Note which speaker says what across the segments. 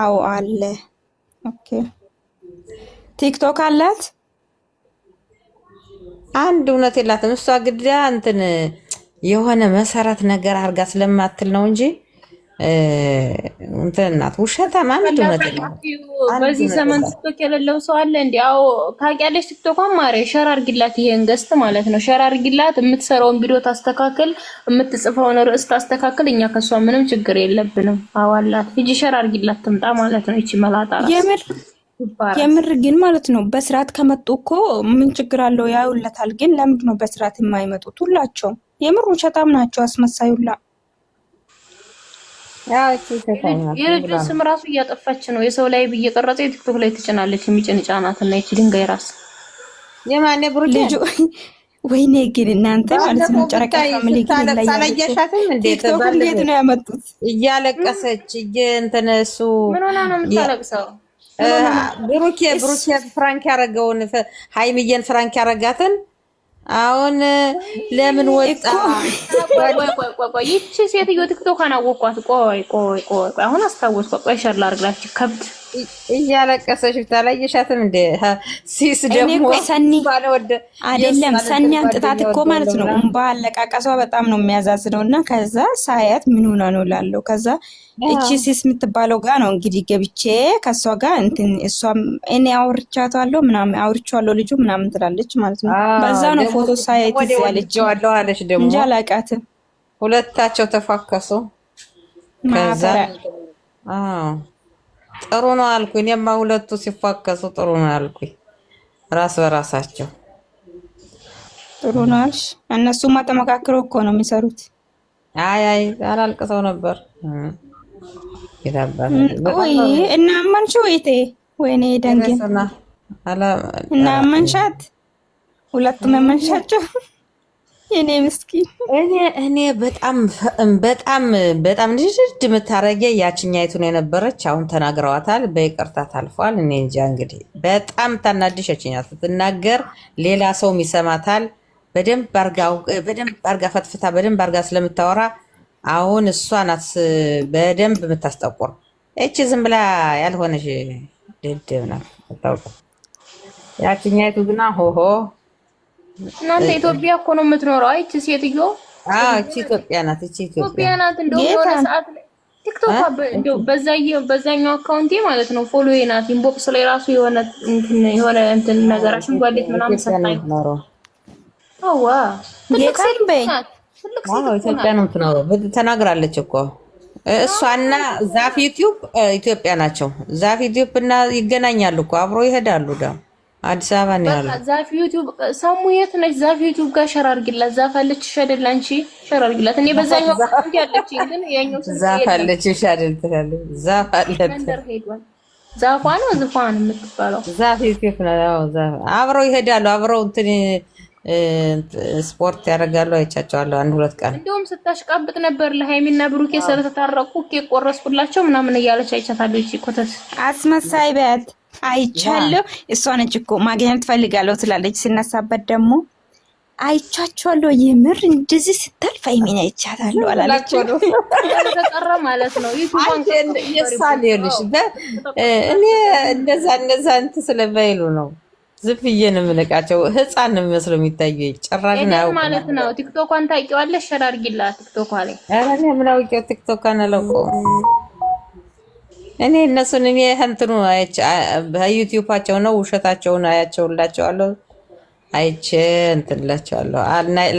Speaker 1: አዎ አለ። ኦኬ ቲክቶክ አላት።
Speaker 2: አንድ እውነት የላትም እሷ ግዳ እንትን የሆነ መሰረት ነገር አድርጋ ስለማትል ነው እንጂ እንትን እናት ውሸታም አንድ
Speaker 1: በዚህ ዘመን ቲክቶክ የሌለው ሰው አለ እንዲ? አዎ ታውቂያለሽ። ቲክቶኳን ማሪ ሸር አርጊላት፣ ይሄን ገስት ማለት ነው። ሸር አርጊላት፣ የምትሰራውን ቪዲዮ ታስተካክል፣ የምትጽፈውን ርዕስ ታስተካክል። እኛ ከሷ ምንም ችግር የለብንም። አዋላት ሂጂ ሸር አርጊላት ትምጣ ማለት ነው። ይቺ መላጣ
Speaker 3: የምር ግን ማለት ነው በስርዓት ከመጡ እኮ ምን ችግር አለው? ያዩለታል። ግን ለምንድን ነው በስርዓት የማይመጡት? ሁላቸውም የምር ውሸታም ናቸው፣ አስመሳዩላ
Speaker 1: የልጁ ስም ራሱ እያጠፋች ነው። የሰው ላይ እየቀረጸ የቲክቶክ ላይ ትጭናለች። የሚጭን ጫናት እና ይቺ ድንጋይ ራስ የማን ብሩ ልጁ ወይኔ ግን እናንተ ማለት ነው። ጨረቃ ፋሚሊ
Speaker 2: ግን ሳላያሻትም
Speaker 1: እንዴት ነው ያመጡት?
Speaker 2: እያለቀሰች ምን
Speaker 1: ሆና ነው የምታለቅሰው?
Speaker 2: ፍራንክ ያረገውን ፍራንክ ያረጋትን አሁን ለምን ወጣ?
Speaker 1: ይቺ ሴትዮ ቲክቶካን አወቋት። ቆይ ቆይ ቆይ፣ አሁን አስታወስኳት። ቆይ ሸር ላድርግላችሁ ከብት
Speaker 2: እያለቀሰሽ ብታላየሻትም እንደ ሲስ
Speaker 3: ደግሞ ሰኒ አይደለም ሰኒ አንጥታት እኮ ማለት ነው። እንባ አለቃቀሷ በጣም ነው የሚያዛዝነው። እና ከዛ ሳያት ምን ሆና ነው ላለው። ከዛ እቺ ሲስ የምትባለው ጋ ነው እንግዲህ ገብቼ ከእሷ ጋ እንትን እሷም እኔ አውርቻታለሁ ምናምን አውርቼዋለሁ ልጁ ምናምን ትላለች ማለት ነው። በዛ ነው ፎቶ ሳያት ያለች እንጂ አላቃትም።
Speaker 2: ሁለታቸው ተፋከሱ ከዛ ጥሩ ነው አልኩኝ። እኔማ ሁለቱ ሲፋከሱ ጥሩ ነው አልኩኝ። ራስ በራሳቸው
Speaker 3: ጥሩ ነው አልሽ። እነሱማ ተመካክረው እኮ ነው የሚሰሩት።
Speaker 2: አይ አይ አላልቅሰው ነበር
Speaker 3: እና አመንሽው? እቴ ወይኔ ደንጌ እና አመንሻት፣ ሁለቱም አመንሻቸው። የኔ ምስኪን
Speaker 2: እኔ እኔ በጣም በጣም በጣም ድድ የምታረጊያ ያችኛይቱ ነው የነበረች። አሁን ተናግረዋታል፣ በይቅርታ ታልፏል። እኔ እንጃ እንግዲህ በጣም ታናድሽ ያችኛ ስትናገር ሌላ ሰውም ይሰማታል። በደንብ አርጋ ፈትፍታ በደንብ አርጋ ስለምታወራ አሁን እሷ ናት በደንብ የምታስጠቁር። እቺ ዝም ብላ ያልሆነሽ ድድብ ናት። ያችኛይቱ ግና ሆሆ
Speaker 1: እናንተ ኢትዮጵያ እኮ ነው የምትኖረው። አይቺ ሴትዮ
Speaker 2: እቺ ኢትዮጵያ ናት። እቺ ኢትዮጵያ
Speaker 1: ናት። እንደው የሆነ ሰዓት ላይ ቲክቶክ እንደው በዛኛው አካውንቴ ማለት ነው ፎሎ ናት። ኢንቦክስ ላይ ራሱ የሆነ እንትን የሆነ እንትን ነገራችን አሽንጓዴት ምናምን ሰጣኝ። አዋ የካን በይ
Speaker 2: ኢትዮጵያ ነው የምትኖረው ተናግራለች እኮ እሷና ዛፍ ዩቲዩብ ኢትዮጵያ ናቸው። ዛፍ ዩቲዩብ እና ይገናኛሉ እኮ አብሮ ይሄዳሉ ደግሞ አዲስ አበባ ነው ያለው።
Speaker 1: ዛፍ ዩቲዩብ ሰሙ የት ነች? ዛፍ ዩቲዩብ ጋር ሸር አድርጊላት። ዛፍ አለች ሸደል አንቺ ሸር አድርጊላት። እኔ በዛ ነው ያለች ግን ያኛው ሰው
Speaker 2: ዛፍ አለች ሸደል ትላለች። ዛፍ አለች
Speaker 1: ዛፏ ነው ዝፋን የምትባለው
Speaker 2: ዛፍ ዩቲዩብ ነው። ዛፍ አብረው ይሄዳሉ። አብረው እንትን ስፖርት ያደርጋሉ። አይቻቸዋለሁ አንድ ሁለት ቀን
Speaker 1: እንደውም ስታሽቃብጥ ነበር ለሃይሚና ብሩኬ ስለተታረቁ ኬክ ቆረስኩላቸው ምናምን እያለች አይቻታለች። ኮተት
Speaker 3: አስመሳይ በት አይቻለሁ። እሷ ነች እኮ ማግኘት ፈልጋለሁ ትላለች። ስነሳበት ደግሞ አይቻቸዋለሁ። የምር እንደዚህ ስታልፍ አይሜን አይቻታለሁ አላለች ማለት
Speaker 1: ነው።
Speaker 2: የሳ ሊሆንሽ እኔ እንደዛ እንደዛ እንትን ስለማይሉ ነው ነው ህፃን ነው የሚመስለው የሚታዩ ጭራሽ
Speaker 1: ነው ማለት ነው። ቲክቶኳን ታውቂዋለሽ? ሸር ቲክቶኳ ላይ
Speaker 2: ምን አውቄው ቲክቶኳን አላውቀውም። እኔ እነሱን እኔ እንትኑ ዩቲዩባቸው ነው ውሸታቸውን አያቸውላቸዋለሁ አይቼ እንትንላቸዋለሁ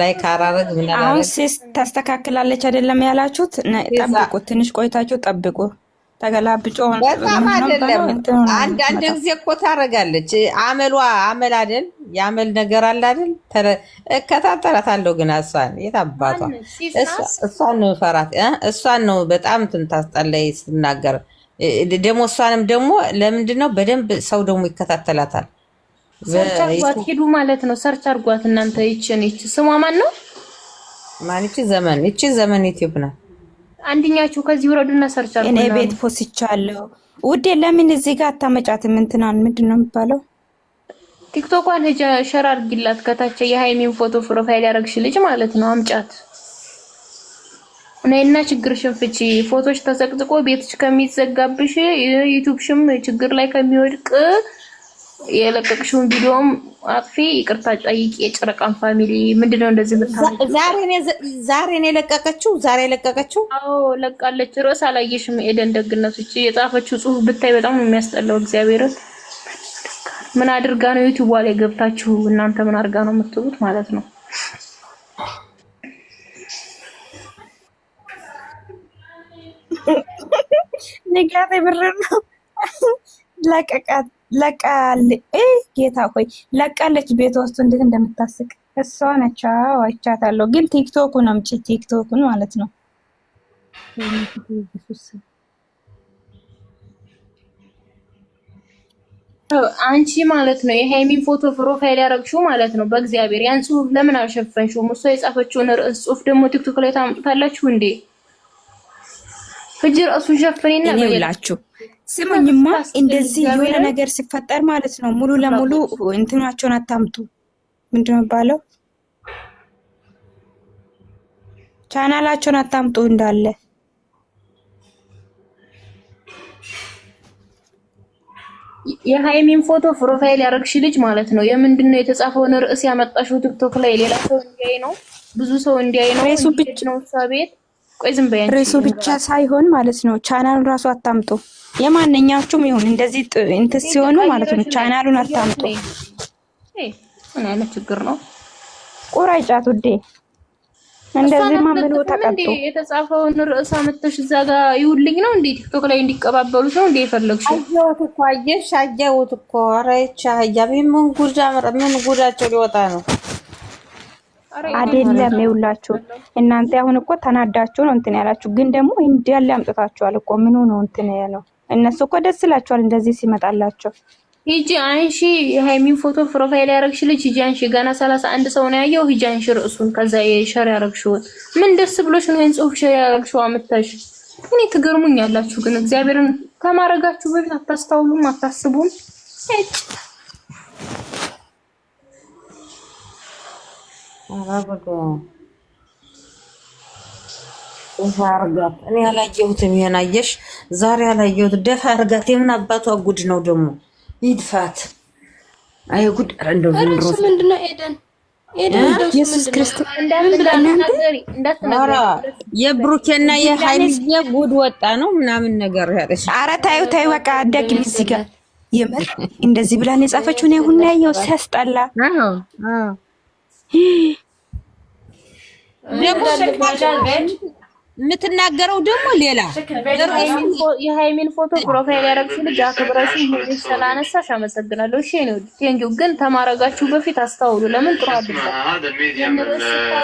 Speaker 2: ላይ ካራረግ
Speaker 3: ምናሁን ሴስ ታስተካክላለች አይደለም ያላችሁት፣ ጠብቁ፣ ትንሽ ቆይታችሁ ጠብቁ። ተገላብጮ
Speaker 2: በጣም አይደለም። አንዳንድ ጊዜ እኮ ታረጋለች። አመሏ አመል አይደል የአመል ነገር አለ አይደል? እከታተላታለሁ ግን እሷን የት አባቷ እሷን ነው ፈራት። እሷን ነው በጣም እንትን ስትናገር ደግሞ እሷንም ደግሞ ለምንድን ነው በደንብ ሰው ደግሞ ይከታተላታል።
Speaker 1: ሰርች አርጓት ሂዱ ማለት ነው። ሰርች አርጓት እናንተ። ይችን ይች ስሟ ማን ነው?
Speaker 2: ማን ይች ዘመን ይች ዘመን ዩቲዩብ ነው።
Speaker 1: አንድኛችሁ ከዚህ ውረዱና ሰርች
Speaker 3: አርጉ። እኔ ቤት ፖስቻለሁ ውዴ። ለምን እዚህ ጋር አታመጫትም? እንትናን ምንድን ነው የሚባለው?
Speaker 1: ቲክቶኳን ሸር አርጊላት ከታች የሃይሚን ፎቶ ፕሮፋይል ያደረግሽ ልጅ ማለት ነው። አምጫት ነይና ችግርሽን ፍቺ። ፎቶች ተዘቅዝቆ ቤትሽ ከሚዘጋብሽ ዩቲዩብሽም ችግር ላይ ከሚወድቅ የለቀቅሽውን ቪዲዮም አጥፊ። ይቅርታ ጠይቂ። የጨረቃን ፋሚሊ ምንድን ነው እንደዚህ
Speaker 3: ዛሬ ነው የለቀቀችው? ዛሬ የለቀቀችው?
Speaker 1: አዎ ለቃለች። ርዕስ አላየሽም? ኤደን ደግነቶች የጻፈችው ጽሁፍ ብታይ በጣም የሚያስጠላው። እግዚአብሔርን ምን አድርጋ ነው ዩቲዩብ ላይ ገብታችሁ እናንተ ምን አድርጋ ነው የምትሉት ማለት ነው።
Speaker 3: ንጋት የምር ነው። ለቃልኤ ጌታ ሆይ ለቃለች ቤት ውስጥ እንዴት እንደምታስቅ እሷ ነች። አይቻታለሁ። ግን ቲክቶኩን አምጪ፣ ቲክቶኩን ማለት ነው።
Speaker 1: አንቺ ማለት ነው የሃይሚን ፎቶ ፕሮፋይል ያደረግሽው ማለት ነው። በእግዚአብሔር ያን ጽሁፍ ለምን አልሸፈንሽውም? እሷ የጻፈችውን ርዕስ ጽሁፍ ደግሞ ቲክቶክ ላይ ታምጡታላችሁ እንዴ? እጅ ራሱን ሸፍኔና ይላችሁ ስሙኝማ፣ እንደዚህ የሆነ ነገር ሲፈጠር ማለት ነው ሙሉ ለሙሉ እንትናቸውን አታምቱ። ምንድን ነው የሚባለው? ቻናላቸውን አታምጡ እንዳለ የሃይሚን ፎቶ ፕሮፋይል ያደረግሽ ልጅ ማለት ነው። የምንድን ነው የተጻፈውን ርዕስ ያመጣሽው ቲክቶክ ላይ? ሌላ ሰው እንዲያይ ነው፣ ብዙ ሰው እንዲያይ ነው።
Speaker 3: ቤት ነው እሷ ቤት ቆይ ዝም በይ። ርዕሱ ብቻ ሳይሆን ማለት ነው ቻናሉን ራሱ አታምጡ። የማንኛችሁም ይሁን እንደዚህ እንትን ሲሆኑ ማለት ነው ቻናሉን አታምጡ።
Speaker 1: ምን አይነት ችግር ነው?
Speaker 3: ቁራጫት ውዴ እንደዚህ ማምኑ ተቀጡ።
Speaker 1: የተጻፈውን ርዕስ አመጥተሽ እዛ ጋር ይውልኝ ነው እንዴ? ቲክቶክ ላይ እንዲቀባበሉት ነው እንዴ የፈለግሽው?
Speaker 2: አየሁት እኮ አየሽ፣ አየሁት እኮ ኧረ ይቻ ያ ምን ጉዳ ምን ጉዳቸው ሊወጣ ነው
Speaker 3: አይደለም ይውላችሁ፣ እናንተ አሁን እኮ ተናዳችሁ ነው እንትን ያላችሁ፣ ግን ደግሞ እንዳለ አምጥታችኋል እኮ ምኑ ነው እንትን ያለው። እነሱ እኮ ደስ ይላችኋል እንደዚህ ሲመጣላቸው።
Speaker 1: ሂጂ አንሺ የሃይሚን ፎቶ ፕሮፋይል ያረግሽ ልጅ ሂጂ አንሺ። ገና ሰላሳ አንድ ሰው ነው ያየው። ሂጂ አንሺ ርዕሱን፣ ከዛ የሸር ያረግሽውን ምን ደስ ብሎሽ ነው ይህን ጽሁፍ ሸር ያረግሽው አምጥተሽ። እኔ ትገርሙኝ ያላችሁ ግን እግዚአብሔርን ከማረጋችሁ በፊት አታስተውሉም፣ አታስቡም።
Speaker 2: ኧረ ደፋ አርጋት። እኔ አላየሁትም። ይሄን አየሽ? ዛሬ አላየሁት። ደፋ አርጋት። የምን አባቷ ጉድ ነው ደግሞ? ይድፋት። አይ ጉድ! ኧረ እንደው ምንድን
Speaker 1: ነው ኤደን
Speaker 3: ኢየሱስ ክርስቶስ
Speaker 2: የብሩኬና የሀይሚዬ
Speaker 1: ጉድ ወጣ ነው ምናምን ነገር ያለች።
Speaker 3: ኧረ ታዩ ታዩ በቃ አዳጊ እዚህ ጋር የምር እንደዚህ ብላን የጻፈችውን ሁን ያየው ሲያስጠላ
Speaker 1: የምትናገረው ደግሞ ሌላ የሃይሚን ፎቶ ፕሮፋይል ያደረግሽ ልጅ አክብረሽ ስላነሳሽ አመሰግናለሁ። እሺ ነው ግን ተማረጋችሁ በፊት አስተውሉ። ለምን ጥሩ አድርጋ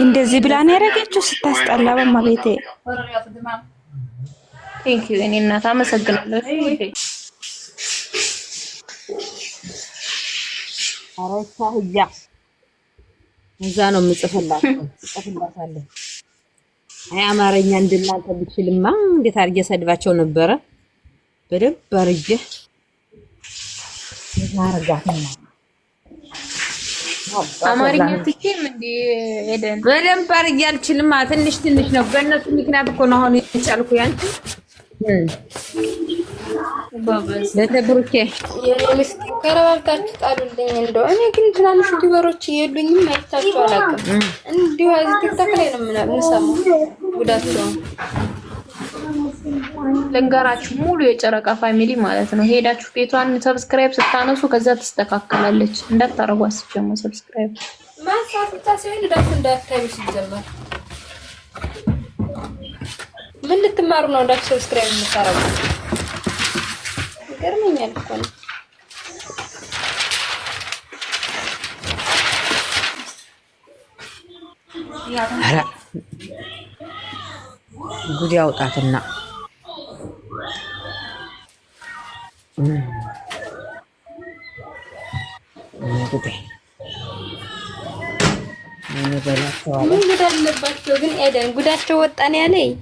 Speaker 3: እንደዚህ ብላን ያደረገችው። ስታስጠላ በማቤቴ
Speaker 1: ቴንኪው። እኔ እናት አመሰግናለሁ። ህያ
Speaker 2: እዛ ነው የምጽፍላት አይ አማርኛ እንድናንተ ብችልማ እንዴት አርጌ ሰድባቸው ነበረ። በደንብ አርጌ ይዛርጋት
Speaker 1: አማርኛ ትችም እንዴ ሄደን በደንብ አርጌ አልችልማ። ትንሽ ትንሽ ነው። በእነሱ ምክንያት እኮ ነው አሁን የቻልኩ ያንቺ ለተብሩኬ ከረባብታችሁ ጣሉልኝ። እንደው እኔ ግን ትናንሽ ዩቲዩበሮች የሉኝም፣ አይታችሁ አላውቅም። እንዲሁ እዚህ ቲክታክ ላይ ነው የምንሰማው ጉዳቸውን። ልንገራችሁ ሙሉ የጨረቃ ፋሚሊ ማለት ነው። ሄዳችሁ ቤቷን ሰብስክራይብ ስታነሱ ከዛ ትስተካከላለች። እንዳታረጓት ሲጀመር ሰብስክራይብ ማንሳት ብቻ ሲሆን እንዳታዩ ሲጀመር ምን ልትማሩ ነው? እንዳችሁ ሰብስክራይብ የምታረጉት ገርመኛል እኮ ነው።
Speaker 2: ጉድ ያውጣትና
Speaker 1: ጉድ አለባቸው ግን ኤደን ጉዳቸው ወጣን ያለኝ